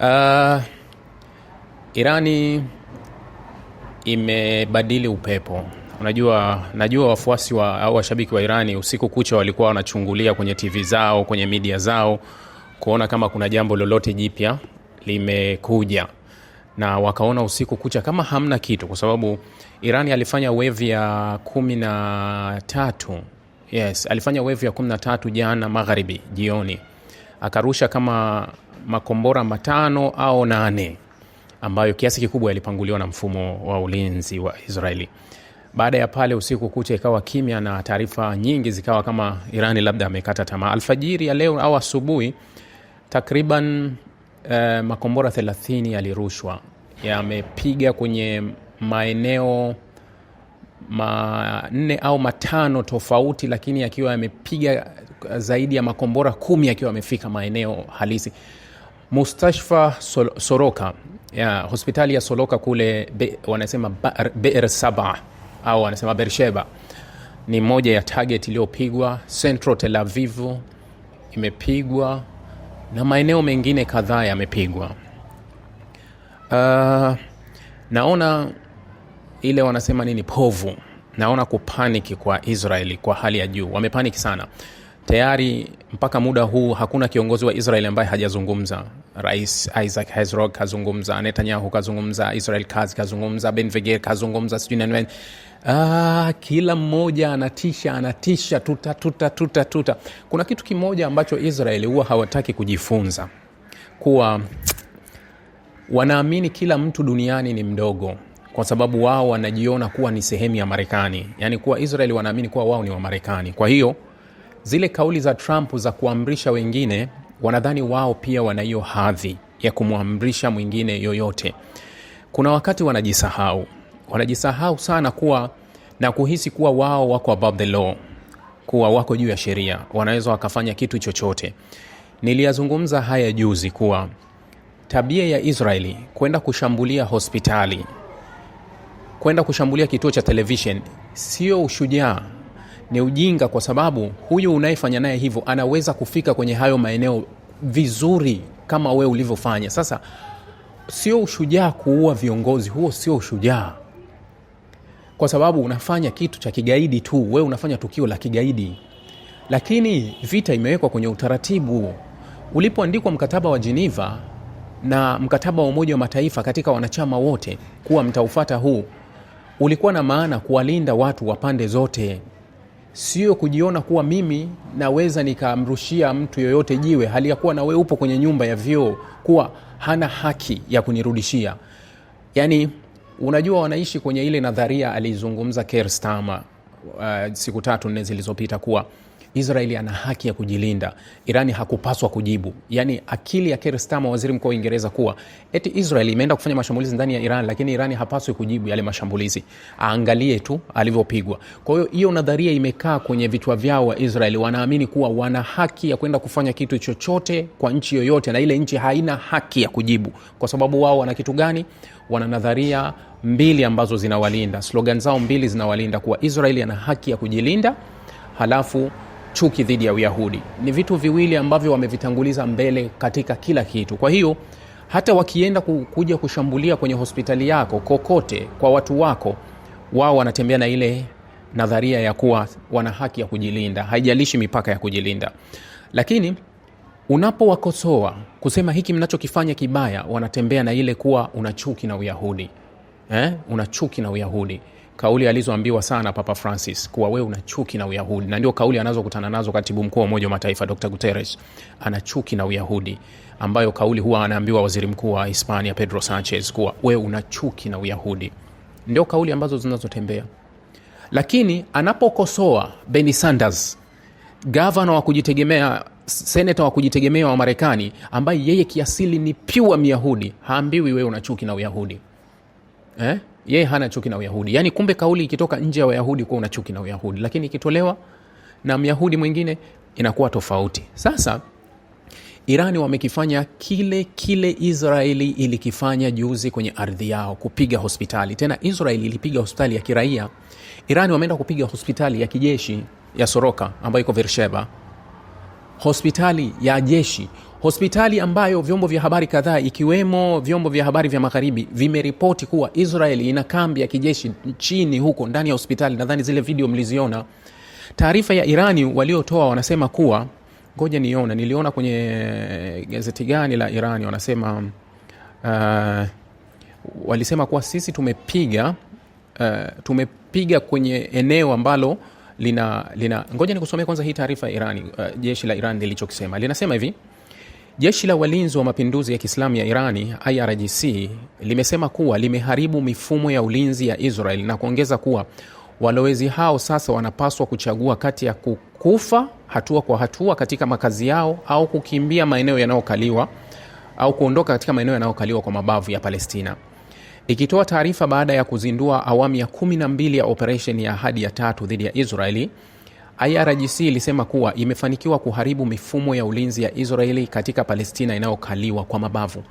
Uh, Irani imebadili upepo. Unajua, najua wafuasi wa au washabiki wa Irani usiku kucha walikuwa wanachungulia kwenye TV zao, kwenye media zao kuona kama kuna jambo lolote jipya limekuja, na wakaona usiku kucha kama hamna kitu, kwa sababu Irani alifanya wevi ya kumi na tatu. Yes, alifanya wevi ya kumi na tatu jana magharibi jioni, akarusha kama makombora matano au nane ambayo kiasi kikubwa yalipanguliwa na mfumo wa ulinzi wa Israeli. Baada ya pale usiku kucha ikawa kimya na taarifa nyingi zikawa kama Irani labda amekata tamaa. Alfajiri ya leo au asubuhi, takriban eh, makombora 30 yalirushwa yamepiga kwenye maeneo manne au matano tofauti, lakini yakiwa yamepiga eh, zaidi ya makombora kumi yakiwa yamefika maeneo halisi. Mustashfa Sol Soroka ya, hospitali ya Soroka kule be, wanasema ber Saba au wanasema bersheba ni moja ya target iliyopigwa. Central Tel Aviv imepigwa na maeneo mengine kadhaa yamepigwa. Uh, naona ile wanasema nini povu, naona kupaniki kwa Israeli kwa hali ya juu, wamepaniki sana tayari mpaka muda huu hakuna kiongozi wa Israel ambaye hajazungumza. Rais Isaac Herzog kazungumza, Netanyahu kazungumza, Israel Katz kazungumza, benveger kazungumza, sijui Ah, kila mmoja anatisha anatisha, tuta, tuta, tuta, tuta. Kuna kitu kimoja ambacho Israel huwa hawataki kujifunza kuwa wanaamini kila mtu duniani ni mdogo kwa sababu wao wanajiona kuwa ni sehemu ya Marekani, yaani kuwa Israel wanaamini kuwa wao ni Wamarekani, kwa hiyo zile kauli za Trump za kuamrisha wengine, wanadhani wao pia wana hiyo hadhi ya kumwamrisha mwingine yoyote. Kuna wakati wanajisahau, wanajisahau sana kuwa na kuhisi kuwa wao wako above the law, kuwa wako juu ya sheria, wanaweza wakafanya kitu chochote. Niliyazungumza haya juzi kuwa tabia ya Israeli kwenda kushambulia hospitali, kwenda kushambulia kituo cha televishen, sio ushujaa ni ujinga, kwa sababu huyu unayefanya naye hivyo anaweza kufika kwenye hayo maeneo vizuri kama wewe ulivyofanya. Sasa sio ushujaa kuua viongozi, huo sio ushujaa, kwa sababu unafanya kitu cha kigaidi tu, wewe unafanya tukio la kigaidi, lakini vita imewekwa kwenye utaratibu. Ulipoandikwa mkataba wa Geneva na mkataba wa Umoja wa Mataifa katika wanachama wote kuwa mtaufata huu, ulikuwa na maana kuwalinda watu wa pande zote sio kujiona kuwa mimi naweza nikamrushia mtu yoyote jiwe, hali ya kuwa nawe upo kwenye nyumba ya vyoo kuwa hana haki ya kunirudishia. Yani unajua, wanaishi kwenye ile nadharia aliizungumza kerstama uh, siku tatu nne zilizopita kuwa Israeli ana haki ya kujilinda, Irani hakupaswa kujibu. Yani akili ya Keir Starmer, waziri mkuu wa Uingereza, kuwa eti Israeli imeenda kufanya mashambulizi ndani ya Iran, lakini Irani hapaswi kujibu yale mashambulizi, aangalie tu alivyopigwa. Kwa hiyo hiyo nadharia imekaa kwenye vichwa vyao wa Israeli, wanaamini kuwa wana haki ya kwenda kufanya kitu chochote kwa nchi yoyote, na ile nchi haina haki ya kujibu, kwa sababu wao wana kitu gani? Wana nadharia mbili ambazo zinawalinda, slogan zao mbili zinawalinda, kuwa Israeli ana haki ya kujilinda halafu chuki dhidi ya Uyahudi. Ni vitu viwili ambavyo wamevitanguliza mbele katika kila kitu. Kwa hiyo hata wakienda kuja kushambulia kwenye hospitali yako, kokote, kwa watu wako, wao wanatembea na ile nadharia ya kuwa wana haki ya kujilinda, haijalishi mipaka ya kujilinda. Lakini unapowakosoa kusema hiki mnachokifanya kibaya, wanatembea na ile kuwa una chuki na Uyahudi eh? una chuki na Uyahudi kauli alizoambiwa sana Papa Francis kuwa wewe una chuki na Uyahudi, na ndio kauli anazokutana nazo katibu mkuu wa Umoja wa Mataifa Dr Guterres. Ana chuki na Uyahudi, ambayo kauli huwa anaambiwa waziri mkuu wa Hispania Pedro Sanchez kuwa wewe una chuki na Uyahudi. Ndio kauli ambazo zinazotembea, lakini anapokosoa Bernie Sanders, gavana wa kujitegemea seneta wa kujitegemea wa Marekani ambaye yeye kiasili ni pyua Myahudi, haambiwi wewe una chuki na Uyahudi eh? yeye hana chuki na Uyahudi. Yaani kumbe kauli ikitoka nje ya Wayahudi kuwa una chuki na Uyahudi, lakini ikitolewa na Myahudi mwingine inakuwa tofauti. Sasa Irani wamekifanya kile kile Israeli ilikifanya juzi kwenye ardhi yao, kupiga hospitali. Tena Israeli ilipiga hospitali ya kiraia, Irani wameenda kupiga hospitali ya kijeshi ya Soroka ambayo iko Beersheba, hospitali ya jeshi hospitali ambayo vyombo vya habari kadhaa ikiwemo vyombo vya habari vya magharibi vimeripoti kuwa Israel ina kambi ya kijeshi chini huko ndani ya hospitali. Nadhani zile video mliziona. Taarifa ya Irani waliotoa wanasema kuwa, ngoja niona, niliona kwenye eh, gazeti gani la Irani, wanasema uh, walisema kuwa sisi tumepiga uh, tumepiga kwenye eneo ambalo lina, lina ngoja nikusomea kwanza hii taarifa ya Irani. Uh, jeshi la iran lilichokisema linasema hivi Jeshi la Walinzi wa Mapinduzi ya Kiislamu ya Irani IRGC limesema kuwa limeharibu mifumo ya ulinzi ya Israel na kuongeza kuwa walowezi hao sasa wanapaswa kuchagua kati ya kukufa hatua kwa hatua katika makazi yao au kukimbia maeneo yanayokaliwa au kuondoka katika maeneo yanayokaliwa kwa mabavu ya Palestina. Ikitoa taarifa baada ya kuzindua awamu ya 12 ya operesheni ya Ahadi ya Tatu dhidi ya Israeli, IRGC ilisema kuwa imefanikiwa kuharibu mifumo ya ulinzi ya Israeli katika Palestina inayokaliwa kwa mabavu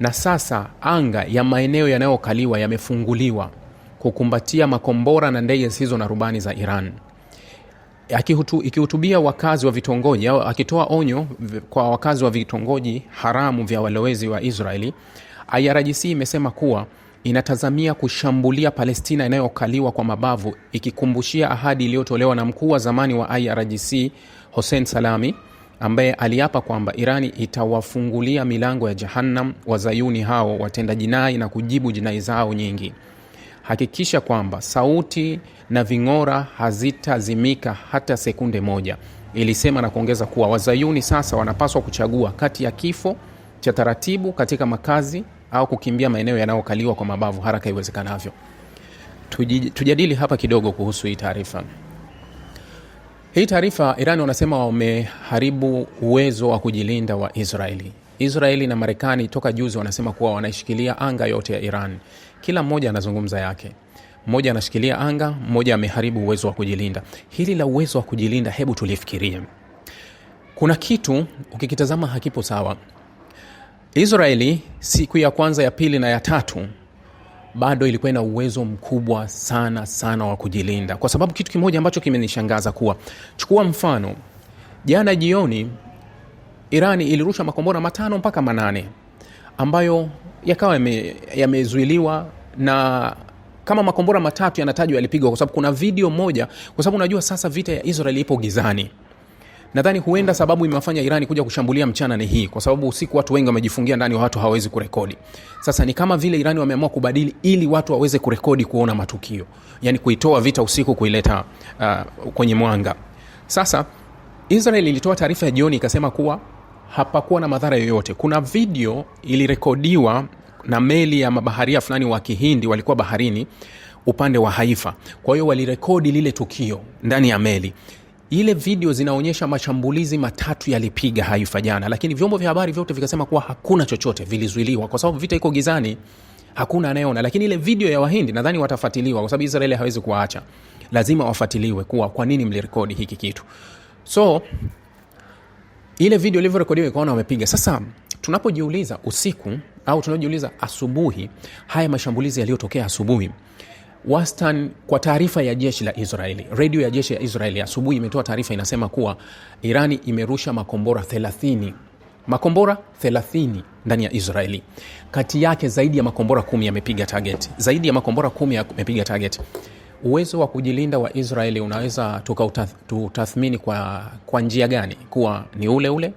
na sasa anga ya maeneo yanayokaliwa yamefunguliwa kukumbatia makombora na ndege zisizo na rubani za Iran. Akihutu, ikihutubia wakazi wa vitongoji au akitoa onyo kwa wakazi wa vitongoji haramu vya walowezi wa Israeli, IRGC imesema kuwa inatazamia kushambulia Palestina inayokaliwa kwa mabavu, ikikumbushia ahadi iliyotolewa na mkuu wa zamani wa IRGC Hossein Salami ambaye aliapa kwamba Irani itawafungulia milango ya jahannam wazayuni hao watenda jinai na kujibu jinai zao nyingi. Hakikisha kwamba sauti na ving'ora hazitazimika hata sekunde moja, ilisema na kuongeza kuwa wazayuni sasa wanapaswa kuchagua kati ya kifo cha taratibu katika makazi au kukimbia maeneo yanayokaliwa kwa mabavu haraka iwezekanavyo. Tujadili hapa kidogo kuhusu hii taarifa. Hii taarifa, Iran wanasema wameharibu uwezo wa kujilinda wa Israeli. Israeli na Marekani toka juzi wanasema kuwa wanaishikilia anga yote ya Iran. Kila mmoja anazungumza yake, mmoja anashikilia anga, mmoja ameharibu uwezo wa kujilinda. Hili la uwezo wa kujilinda, hebu tulifikirie. Kuna kitu ukikitazama hakipo sawa. Israeli siku ya kwanza, ya pili na ya tatu bado ilikuwa ina uwezo mkubwa sana sana wa kujilinda, kwa sababu kitu kimoja ambacho kimenishangaza kuwa, chukua mfano, jana jioni Irani ilirusha makombora matano mpaka manane ambayo yakawa yamezuiliwa yame na kama makombora matatu yanatajwa yalipigwa, kwa sababu kuna video moja, kwa sababu unajua sasa vita ya Israel ipo gizani nadhani huenda sababu imewafanya Irani kuja kushambulia mchana ni hii, kwa sababu usiku watu wengi wamejifungia ndani, watu hawawezi kurekodi. Sasa ni kama vile Irani wameamua kubadili ili watu waweze kurekodi, kuona matukio, yani kuitoa vita usiku, kuileta uh, kwenye mwanga. Sasa Israel ilitoa taarifa ya jioni ikasema kuwa hapakuwa na madhara yoyote. Kuna video ilirekodiwa na meli ya mabaharia fulani wa Kihindi walikuwa baharini upande wa Haifa. Kwa hiyo walirekodi lile tukio ndani ya meli ile video zinaonyesha mashambulizi matatu yalipiga Haifa jana, lakini vyombo vya habari vyote vikasema kuwa hakuna chochote, vilizuiliwa kwa sababu vita iko gizani, hakuna anayeona. Lakini ile video ya Wahindi nadhani watafuatiliwa, kwa sababu Israeli hawezi kuwaacha, lazima wafuatiliwe kuwa kwa nini mlirekodi hiki kitu. So ile video ilivyorekodiwa ikaona wamepiga. Sasa tunapojiuliza usiku au tunapojiuliza asubuhi, haya mashambulizi yaliyotokea asubuhi wastan kwa taarifa ya jeshi la Israeli, redio ya jeshi ya Israeli asubuhi imetoa taarifa inasema kuwa Irani imerusha makombora 30 makombora 30 ndani ya Israeli. Kati yake zaidi ya makombora kumi yamepiga target, zaidi ya makombora kumi yamepiga tageti Uwezo wa kujilinda wa Israeli unaweza tukautathmini kwa, kwa njia gani? Kuwa ni ule ule,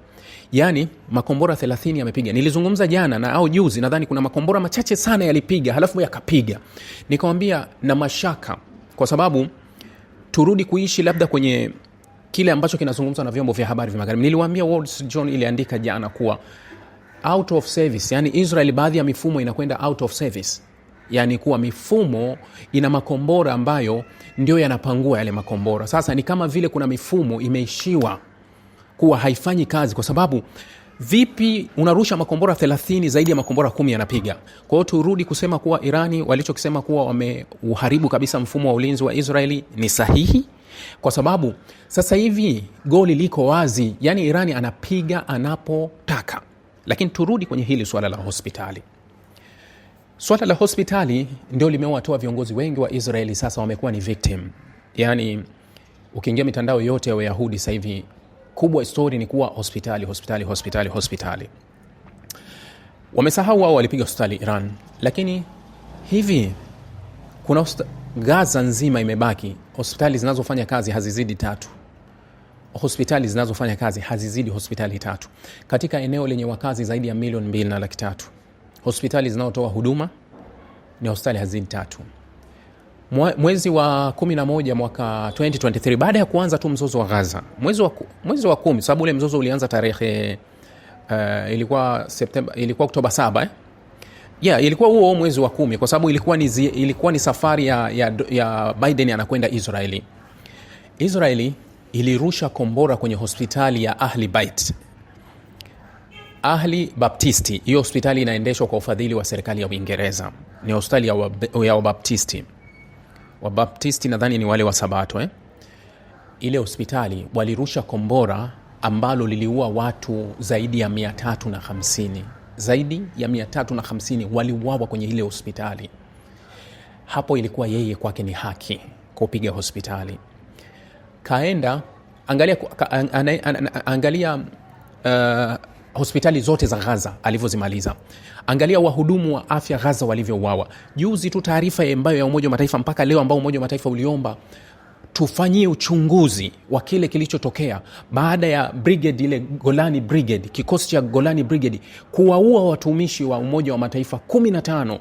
yaani makombora 30 yamepiga. Nilizungumza jana na au juzi, nadhani kuna makombora machache sana yalipiga, halafu yakapiga. Nikawambia na mashaka, kwa sababu turudi kuishi labda kwenye kile ambacho kinazungumzwa na vyombo vya habari vya magharibi. niliwambia john iliandika jana kuwa out of service, yani Israel, baadhi ya mifumo inakwenda out of service yani kuwa mifumo ina makombora ambayo ndio yanapangua yale makombora. Sasa ni kama vile kuna mifumo imeishiwa kuwa haifanyi kazi, kwa sababu vipi unarusha makombora 30 zaidi ya makombora kumi yanapiga? Kwa hiyo turudi kusema kuwa Irani walichokisema kuwa wameuharibu kabisa mfumo wa ulinzi wa Israeli ni sahihi, kwa sababu sasa hivi goli liko wazi, yani Irani anapiga anapotaka. Lakini turudi kwenye hili suala la hospitali. Swala la hospitali ndio limewatoa viongozi wengi wa Israeli, sasa wamekuwa ni victim. Yani ukiingia mitandao yote ya Wayahudi sasa hivi, kubwa stori ni kuwa hospitali, hospitali, hospitali, hospitali. Wamesahau wao walipiga hospitali Iran, lakini hivi kuna Gaza nzima imebaki hospitali zinazofanya kazi hazizidi tatu hospitali zinazofanya kazi hazizidi hospitali tatu katika eneo lenye wakazi zaidi ya milioni mbili na laki tatu hospitali zinazotoa huduma ni hospitali hazidi tatu. Mwezi wa 11 mwaka 2023 baada ya kuanza tu mzozo wa Gaza, mwezi wa, mwezi wa kumi, sababu ule mzozo ulianza tarehe uh, ilikuwa Septemba, ilikuwa Oktoba 7 eh? Yeah, ilikuwa huo mwezi wa kumi kwa sababu ilikuwa ni, ilikuwa ni safari ya, ya, ya Biden anakwenda Israeli. Israeli ilirusha kombora kwenye hospitali ya Ahli Bait Ahli Baptisti. Hiyo hospitali inaendeshwa kwa ufadhili wa serikali ya Uingereza, ni hospitali ya Wabaptisti. Wabaptisti nadhani ni wale wa Sabato eh? Ile hospitali walirusha kombora ambalo liliua watu zaidi ya 350 zaidi ya 350 waliuawa kwenye ile hospitali. Hapo ilikuwa yeye kwake ni haki kupiga hospitali. Kaenda angalia, angalia uh, hospitali zote za Gaza alivyozimaliza. Angalia wahudumu wa afya Gaza walivyouawa. Juzi tu taarifa ambayo ya Umoja wa Mataifa mpaka leo, ambao Umoja wa Mataifa uliomba tufanyie uchunguzi wa kile kilichotokea baada ya brigade ile Golani Brigade, kikosi cha Golani Brigade kuwaua watumishi wa Umoja wa Mataifa tano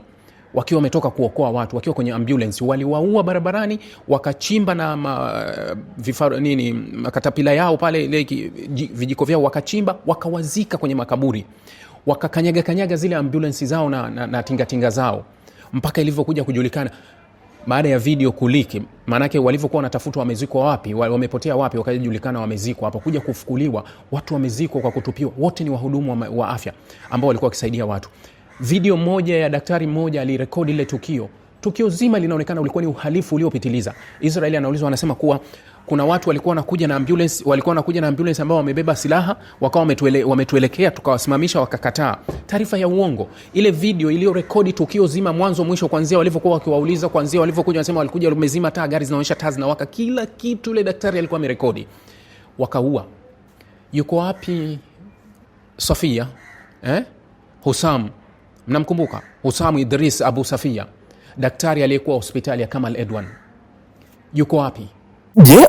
wakiwa wametoka kuokoa watu wakiwa kwenye ambulance, waliwaua barabarani, wakachimba na ma, vifaru, nini makatapila yao pale ile vijiko vyao wakachimba, wakawazika kwenye makaburi, wakakanyaga kanyaga zile ambulance zao na, na, na tingatinga zao mpaka ilivyokuja kujulikana baada ya video kuliki, maanake walivyokuwa wanatafutwa wamezikwa wapi, wamepotea wapi, wakajulikana wamezikwa hapo Kuja kufukuliwa, watu wamezikwa kwa kutupiwa, wote ni wahudumu wa afya ambao walikuwa wakisaidia watu video moja ya daktari mmoja alirekodi lile tukio. Tukio zima linaonekana ulikuwa ni uhalifu uliopitiliza. Israeli anaulizwa, wanasema kuwa kuna watu walikuwa wanakuja na ambulance, walikuwa wanakuja na ambulance ambao wamebeba silaha, wakawa wametuele, wametuelekea tukawasimamisha, wakakataa. Taarifa ya uongo. Ile video iliyorekodi tukio zima mwanzo mwisho, kwanzia walivyokuwa wakiwauliza, kwanzia walivyokuja, wanasema walikuja, wamezima taa, gari zinaonyesha taa zinawaka, kila kitu ile daktari alikuwa amerekodi, wakaua. Yuko wapi sofia eh? Husam mnamkumbuka husamu idris abu safia daktari aliyekuwa hospitali ya kamal edwan yuko wapi je